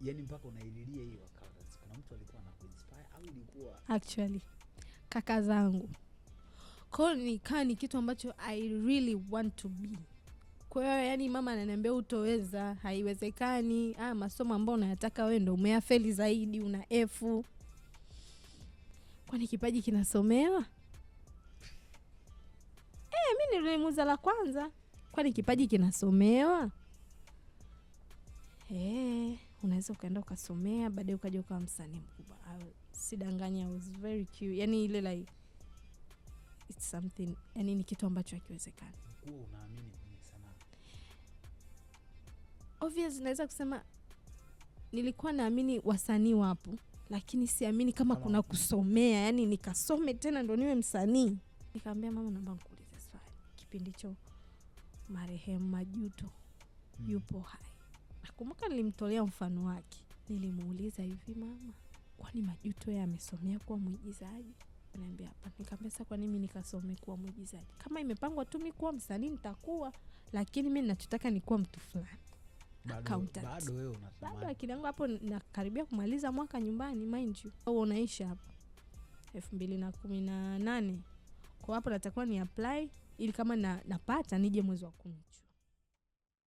yani mpaka unaililia hiyo occurrence. Kuna mtu alikuwa na kuinspire au ilikuwa actually kaka zangu kwao, nikaa ni kitu ambacho I really want to be. Kwa hiyo yani mama ananiambia utoweza, haiwezekani. Ah, masomo ambayo unayataka wewe ndo umeafeli zaidi, una F. Kwani kipaji kinasomewa? E, mi nilimuuza la kwanza. Kwani kipaji kinasomewa? E unaweza ukaenda ukasomea baadaye ukaja ukawa msanii mkubwa. Ah, sidanganya, was very cute. Yani ile like it's something, yani ni kitu ambacho akiwezekana obvious, naweza kusema nilikuwa naamini wasanii wapo, lakini siamini kama Kala. kuna kusomea, yani nikasome tena ndo niwe msanii. Nikaambia mama, naomba nikuulize swali. Kipindi cho marehemu Majuto hmm. yupo hai Nakumbuka nilimtolea mfano wake, nilimuuliza hivi, mama, kwani Majuto yeye amesomea kuwa mwigizaji? Ananiambia hapa Nikamwambia sasa, kwa nini nikasome kuwa mwigizaji? Kama imepangwa tu mimi kuwa msanii nitakuwa, lakini mimi ninachotaka ni kuwa mtu fulani bado akili yangu hapo, nakaribia kumaliza mwaka nyumbani, mind you, au unaisha hapa elfu mbili na kumi na nane kwa hapo natakuwa ni apply ili kama na, napata nije mwezi wa kumi.